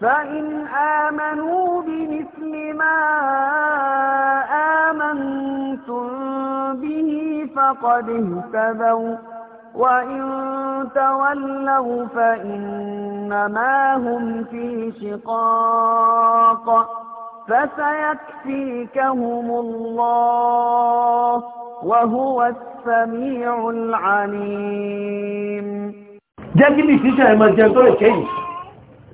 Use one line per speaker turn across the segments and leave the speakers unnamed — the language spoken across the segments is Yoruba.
فإن آمنوا بمثل ما آمنتم به فقد اهتدوا وإن تولوا فإنما هم في شقاق فسيكفيكهم الله وهو السميع العليم جاء كل شيء ما جاء كل شيء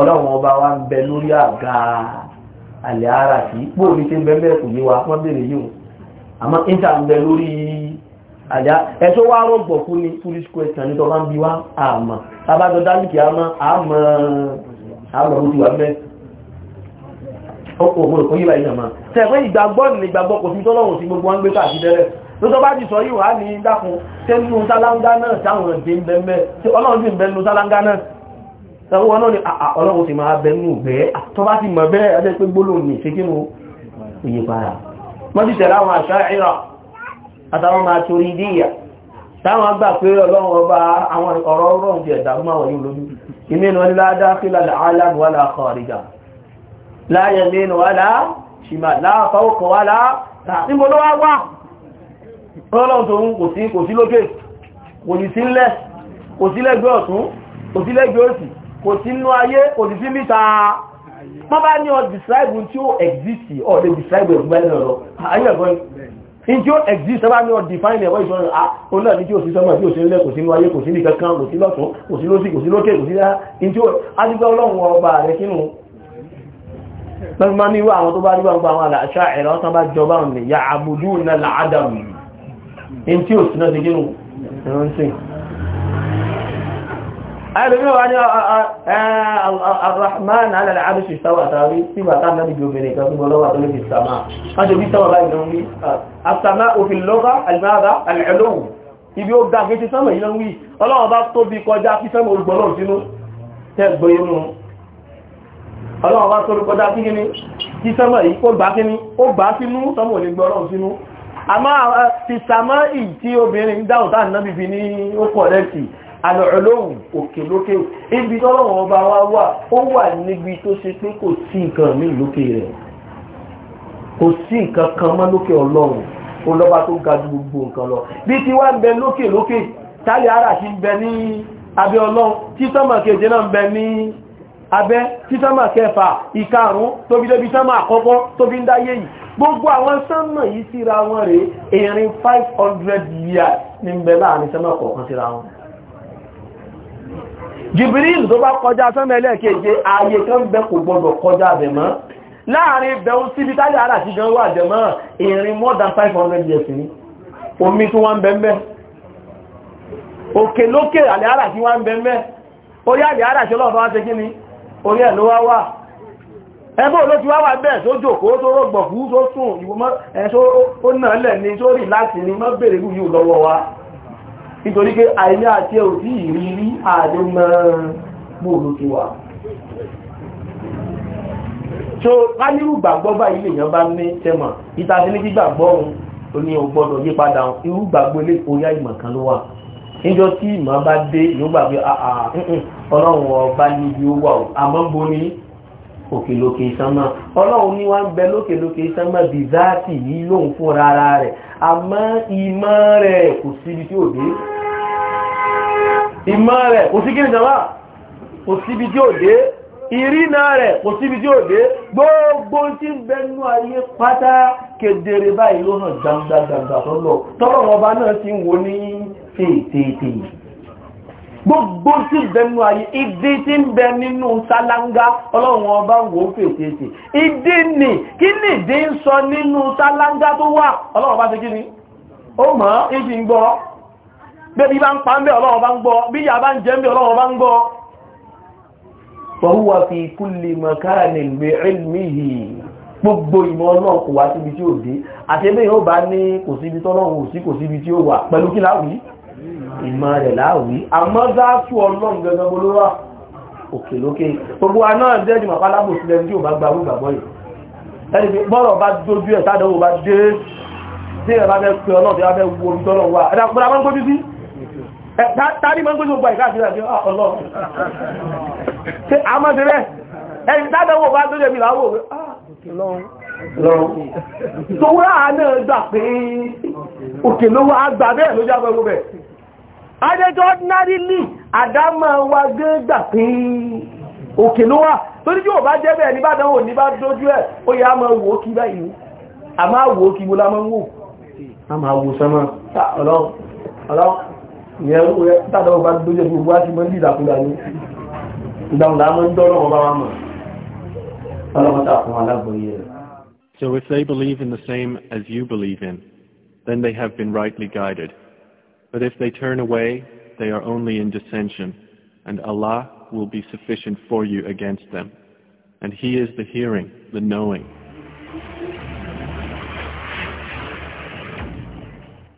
ọlọ́run ọba wa ń bẹ lórí àga àlẹ́ ara sí pò ní ṣe bẹ́ẹ̀ kò yé wa wọ́n bèèrè yìí àmọ́ ìta ń bẹ lórí àjá ẹ̀ṣọ́ wá rọ̀gbọ̀ fún ní foolish question ní tọ́lá ń bí wá àmà abájọ dáríkì àmà àmà àmà ó ti wà mẹ́ ọkọ̀ òmòrò kan yíra ìyàmà tẹ̀fẹ́ ìgbàgbọ́ ní ìgbàgbọ́ kò sí tọ́lọ́run sí gbogbo wọn gbé káàkiri tẹ́lẹ̀ ló tọ́ bá ti sọ yìí wà ní dákun tẹ́lú sálángá náà táwọn ọ̀dẹ́ ń bẹ́ẹ̀ ẹwọ́ wọn náà ni ah, ah, ọlọ́run ti máa bẹnú bẹ́ ah, tó bá ti mọ̀ bẹ́ẹ̀ ẹjẹ́ pé gbólóhùn ní ṣe kí mo òye para wọ́n ti tẹ̀lé àwọn àṣà ìrà àtàwọn máa torí díyà táwọn gbà pé ọlọ́run ọba àwọn ọ̀rọ̀ ọ̀rọ̀ ti ẹ̀dà fún àwọn yìí lójú ìmínú ọlọ́dá kílà aláàbò wà láàkọ̀ àríjà láyé mínú wà láà ṣìmà láàfà ọ̀tún kò òsì kò sí inú ayé kò sí sí níta wọ́n bá ní ọ describe tí ó exist ọ̀ lè describe ẹ̀gbẹ́ lẹ́nu ọ̀rọ̀ ayé ẹ̀gbọ́n in tí ó exist ẹ bá ní ọ define ẹ̀wọ́ ìṣọ́rọ̀ ó ah, náà ní tí ó sí sọ́mọ̀ tí ó sí nílẹ̀ kò sí inú ayé kò sí ní kankan kò sí lọ́tún kò sí lósì kò sí lókè kò sí rá in tí ó adigbẹ́ ọlọ́run ọba ẹlòmí wa ní arahman alẹ́ àbíṣì sáwà tàbí tí bàtà náà níbi obìnrin kan tó gbọ́lọ́wà tó lè fi sàmà wọ́n tó bí sáwà báyìí ló ń wí àsàmà òfin lọ́gá alìmáàdá alẹ́lóhùn ibi ó dá gẹ́gẹ́ sánmà yìí ló ń wí ọlọ́wọ́ bá tóbi kọjá kí sánmà olùgbọ́lọ́ sínú tẹ́gbọ́yẹnu ọlọ́wọ́ bá tóbi kọjá kí kíní kí sánmà yìí kó gbá kíní ó gbá ti sàmà ì tí obìnrin dáhùn táà náà bìbí ní ó kọ̀ọ̀lẹ́tì alọ́ọ̀lọ́hùn òkè lókè ibi tọ́lọ́wọ̀n ọba wa wà ó wà níbi tó ṣe pé kò sí nǹkan mí lókè rẹ̀ kò sí nǹkan kan mọ́ lókè ọlọ́run olọ́ba tó ga ju gbogbo nǹkan lọ bí ti wá ń bẹ lókè lókè tálẹ̀ ara ti ń bẹ ní abẹ́ ọlọ́run tí sọ́mà keje náà ń bẹ ní abẹ́ tí sọ́mà kẹfà ìkarùn tóbi débi sọ́mà àkọ́kọ́ tóbi ń dáyé yìí gbogbo àwọn sọ́mà yìí síra wọn rèé erin 500 years ní ń bẹ láàrin sọ́mà kọ̀ọ̀kan síra wọn Jibril tó bá kọjá sánmà ẹlẹ́ẹ̀keje ààyè kan bẹ kò gbọdọ̀ kọjá bẹ̀ mọ́ láàrin bẹ̀rún síbi tájà ara ti gan wà jẹ̀mọ́ ìrìn more than 500 years ni omi tó wá ń bẹ́m̀bẹ́ òkè lókè àlẹ́ ara ti wá ń bẹ́m̀bẹ́ orí àlẹ́ ara ni orí ẹ̀ ló wá wà ẹgbẹ́ ló ti wá wà bẹ́ẹ̀ tó jòkó tó rọ̀gbọ̀kú tó sùn nítorí pé àìní àti ẹ̀ òtí ìrírí àdémọ́ gbòòrò ti wà so kálírù gbàgbọ́ báyìí lè yàn bá ní tẹ́mà ìtàsí ní gbígbàgbọ́ ohun tó ní o gbọ́dọ̀ yí padà irú gbàgbọ́ ilé ìpòyà ìmọ̀ kan ló wà níjọ́ tí ìmọ̀ bá dé yóò gbà pé ah, ah, ọlọ́run ọba níbi ó wà ó àmọ́ bo ní òkèlókè sánmà ọlọ́run ní wá ń bẹ lókèlókè sánmà bí záàtì yìí lóhun fúnra rẹ̀ àmọ́ ìmọ̀ rẹ̀ kò sí ibi tí ò dé ìmọ̀ rẹ̀ kò sí kíni jama kò sí ibi tí ò dé ìrìnà rẹ̀ kò sí ibi tí ò dé gbogbo tí ń bẹnu ayé pátá kedere báyìí ló hàn tọ́lọ̀ tọ́lọ̀ ọba náà ti ń ní tètè gbogbo tí bẹnu ayé ìdí tí ń bẹ nínú sálángá ọlọ́run ọba ń wò ó fèsèsè ìdí nì kí ni ìdí ń sọ nínú sálángá tó wà ọlọ́run ọba ṣe kí ni ó mọ̀ ọ́ ìfi ń gbọ́ bébí bá ń pa ń bẹ́ ọlọ́run ọba ń gbọ́ bí ìyá bá ń jẹ́ ń bẹ́ ọlọ́run ọba ń gbọ́ fọwọ́ fi kúlì mọ̀káàní gbé ẹlmìhì gbogbo ìmọ̀ náà kò wá síbi tí ó dé àti ẹgbẹ́ yóò bá ní kò síbi tọ́lọ́run ò sí kò síbi tí ó wà pẹ̀lú kí láwùí ìmọ̀ rẹ̀ láàwí àmọ́ záàtù ọlọ́run gẹ́gẹ́ bolówà òkè lókè gbogbo aná ẹ̀dẹ́jì màpá lábò sílẹ̀ tí ò bá gba gbàgbọ́ yìí bọ́rọ̀ bá dojú ẹ̀ sádọ́wò bá dé ah, dé tó wúrà ah, náà gbà pé òkè lówó àgbà bẹ́ẹ̀ ló jágbọ́ gbogbo adẹ́jọ́ ordinarily àdámọ́ wa gẹ́gbà pé òkè ló wà torí yóò bá jẹ́ bẹ́ẹ̀ níbàdàn ò níbà dójú ẹ̀ ó yá mọ́ wò ó kí báyìí a máa wò ó kí mo lámọ́ wò a máa wò sánmọ́ So if they believe in the same as you believe in, then they have been rightly guided. But if they turn away, they are only in dissension, and Allah will be sufficient for you against them. And He is the hearing, the knowing.